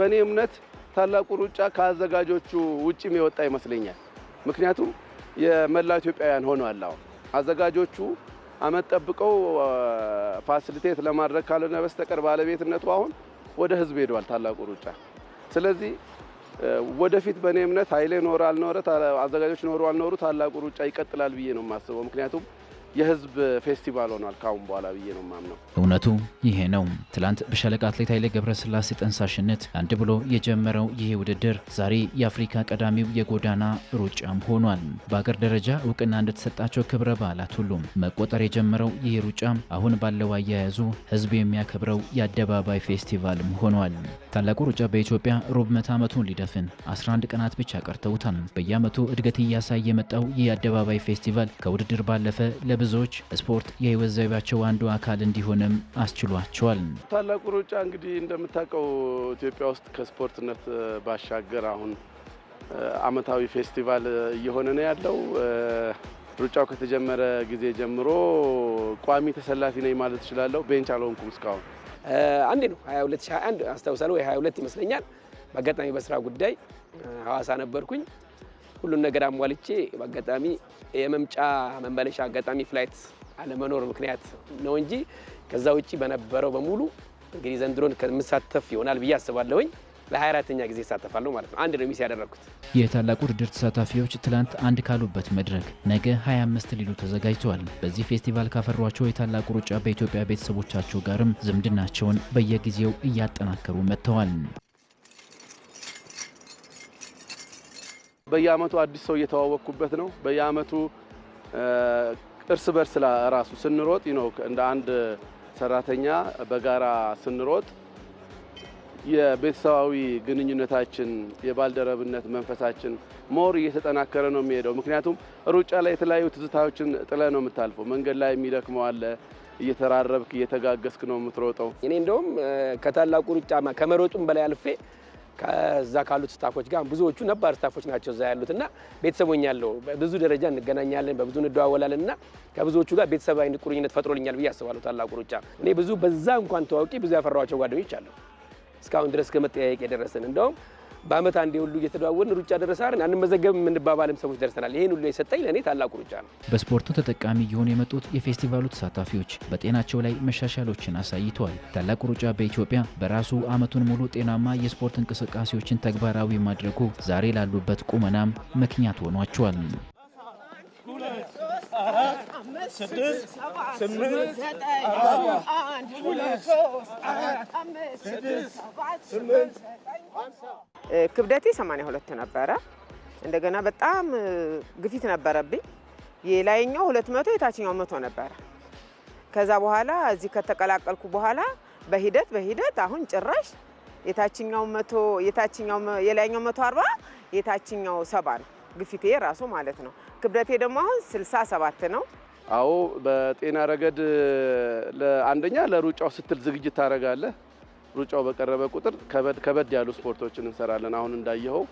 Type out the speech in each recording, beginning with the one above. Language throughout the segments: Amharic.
በእኔ እምነት ታላቁ ሩጫ ከአዘጋጆቹ ውጭም የወጣ ይመስለኛል። ምክንያቱም የመላ ኢትዮጵያውያን ሆኗል። አሁን አዘጋጆቹ አመት ጠብቀው ፋሲሊቴት ለማድረግ ካልሆነ በስተቀር ባለቤትነቱ አሁን ወደ ህዝብ ሄደዋል ታላቁ ሩጫ። ስለዚህ ወደፊት በእኔ እምነት ኃይሌ ኖረ አልኖረ አዘጋጆች ኖሩ አልኖሩ ታላቁ ሩጫ ይቀጥላል ብዬ ነው የማስበው ምክንያቱም የህዝብ ፌስቲቫል ሆኗል ካሁን በኋላ ብዬ ነው ማምነው። እውነቱ ይሄ ነው። ትላንት በሻለቃ አትሌት ኃይሌ ገብረስላሴ ጠንሳሽነት አንድ ብሎ የጀመረው ይሄ ውድድር ዛሬ የአፍሪካ ቀዳሚው የጎዳና ሩጫም ሆኗል። በአገር ደረጃ እውቅና እንደተሰጣቸው ክብረ በዓላት ሁሉ መቆጠር የጀመረው ይህ ሩጫም አሁን ባለው አያያዙ ህዝብ የሚያከብረው የአደባባይ ፌስቲቫልም ሆኗል። ታላቁ ሩጫ በኢትዮጵያ ሩብ ምዕተ ዓመቱን ሊደፍን 11 ቀናት ብቻ ቀርተውታል። በየዓመቱ እድገት እያሳየ የመጣው ይህ የአደባባይ ፌስቲቫል ከውድድር ባለፈ ለ ለብዙዎች ስፖርት የህይወት ዘይቤያቸው አንዱ አካል እንዲሆንም አስችሏቸዋል። ታላቁ ሩጫ እንግዲህ እንደምታውቀው ኢትዮጵያ ውስጥ ከስፖርትነት ባሻገር አሁን አመታዊ ፌስቲቫል እየሆነ ነው ያለው። ሩጫው ከተጀመረ ጊዜ ጀምሮ ቋሚ ተሰላፊ ነኝ ማለት እችላለሁ። ቤንች አልሆንኩም እስካሁን። አንዴ ነው 2021 አስታውሳለሁ፣ ወይ 22 ይመስለኛል። በአጋጣሚ በስራ ጉዳይ ሀዋሳ ነበርኩኝ። ሁሉን ነገር አሟልቼ በአጋጣሚ የመምጫ መመለሻ አጋጣሚ ፍላይት አለመኖር ምክንያት ነው እንጂ ከዛ ውጭ በነበረው በሙሉ እንግዲህ ዘንድሮን ከምሳተፍ ይሆናል ብዬ አስባለሁኝ። ለ24ተኛ ጊዜ ይሳተፋለሁ ማለት ነው። አንድ ነው ሚስ ያደረግኩት። የታላቁ ውድድር ተሳታፊዎች ትላንት አንድ ካሉበት መድረክ ነገ 25 ሊሉ ተዘጋጅተዋል። በዚህ ፌስቲቫል ካፈሯቸው የታላቁ ሩጫ በኢትዮጵያ ቤተሰቦቻቸው ጋርም ዝምድናቸውን በየጊዜው እያጠናከሩ መጥተዋል። በየአመቱ አዲስ ሰው እየተዋወቅኩበት ነው። በየአመቱ እርስ በርስ ራሱ ስንሮጥ ነው እንደ አንድ ሰራተኛ በጋራ ስንሮጥ የቤተሰባዊ ግንኙነታችን የባልደረብነት መንፈሳችን ሞር እየተጠናከረ ነው የሚሄደው። ምክንያቱም ሩጫ ላይ የተለያዩ ትዝታዎችን ጥለ ነው የምታልፈው። መንገድ ላይ የሚደክመው አለ፣ እየተራረብክ እየተጋገስክ ነው የምትሮጠው። እኔ እንደውም ከታላቁ ሩጫ ከመሮጡም በላይ አልፌ ከዛ ካሉት ስታፎች ጋር ብዙዎቹ ነባር ስታፎች ናቸው እዛ ያሉት እና ቤተሰቦኝ ያለው በብዙ ደረጃ እንገናኛለን፣ በብዙ እንደዋወላለን እና ከብዙዎቹ ጋር ቤተሰብ አይነት ቁርኝነት ፈጥሮልኛል ብዬ አስባለሁ። ታላቁ ሩጫ እኔ ብዙ በዛ እንኳን ተዋውቂ ብዙ ያፈራኋቸው ጓደኞች አለሁ እስካሁን ድረስ ከመጠያየቅ የደረሰን እንደውም በአመት አንዴ ሁሉ እየተደዋወን ሩጫ ደረሳን አንመዘገብም የምንባባልም ሰዎች ደርሰናል። ይህን ሁሉ የሰጠኝ ለእኔ ታላቁ ሩጫ ነው። በስፖርቱ ተጠቃሚ እየሆኑ የመጡት የፌስቲቫሉ ተሳታፊዎች በጤናቸው ላይ መሻሻሎችን አሳይተዋል። ታላቁ ሩጫ በኢትዮጵያ በራሱ አመቱን ሙሉ ጤናማ የስፖርት እንቅስቃሴዎችን ተግባራዊ ማድረጉ ዛሬ ላሉበት ቁመናም ምክንያት ሆኗቸዋል። ክብደቴ 82 ነበረ። እንደገና በጣም ግፊት ነበረብኝ። የላይኛው 200 የታችኛው 100 ነበረ። ከዛ በኋላ እዚህ ከተቀላቀልኩ በኋላ በሂደት በሂደት አሁን ጭራሽ የታችኛው 100 የታችኛው የላይኛው 140 የታችኛው 70 ነው ግፊቴ ራሱ ማለት ነው። ክብደቴ ደግሞ አሁን 67 ነው። አዎ በጤና ረገድ አንደኛ ለሩጫው ስትል ዝግጅት ታደርጋለህ ሩጫው በቀረበ ቁጥር ከበድ ከበድ ያሉ ስፖርቶችን እንሰራለን። አሁን እንዳየኸው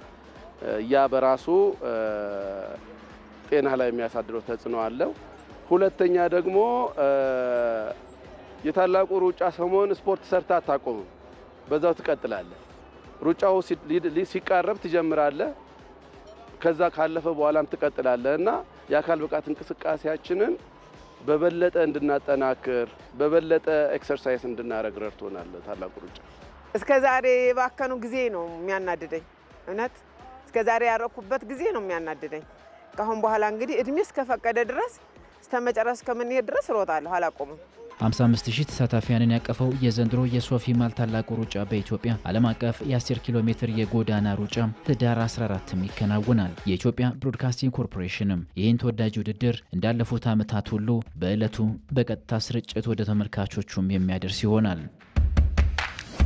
ያ በራሱ ጤና ላይ የሚያሳድረው ተጽዕኖ አለው። ሁለተኛ ደግሞ የታላቁ ሩጫ ሰሞን ስፖርት ሰርታ አታቆምም፣ በዛው ትቀጥላለህ። ሩጫው ሲቃረብ ትጀምራለህ፣ ከዛ ካለፈ በኋላም ትቀጥላለህ እና የአካል ብቃት እንቅስቃሴያችንን በበለጠ እንድናጠናክር በበለጠ ኤክሰርሳይዝ እንድናደረግ ረድቶናል። ታላቁ ሩጫ እስከ ዛሬ የባከኑ ጊዜ ነው የሚያናድደኝ። እውነት እስከ ዛሬ ያረኩበት ጊዜ ነው የሚያናድደኝ። ከአሁን በኋላ እንግዲህ እድሜ እስከፈቀደ ድረስ እስከ መጨረስ እስከምንሄድ ድረስ እሮጣለሁ አላቆምም። 55000 ተሳታፊያንን ያቀፈው የዘንድሮ የሶፊ ማል ታላቁ ሩጫ በኢትዮጵያ ዓለም አቀፍ የ10 ኪሎ ሜትር የጎዳና ሩጫ ህዳር 14ም ይከናወናል። የኢትዮጵያ ብሮድካስቲንግ ኮርፖሬሽንም ይህን ተወዳጅ ውድድር እንዳለፉት ዓመታት ሁሉ በዕለቱ በቀጥታ ስርጭት ወደ ተመልካቾቹም የሚያደርስ ይሆናል።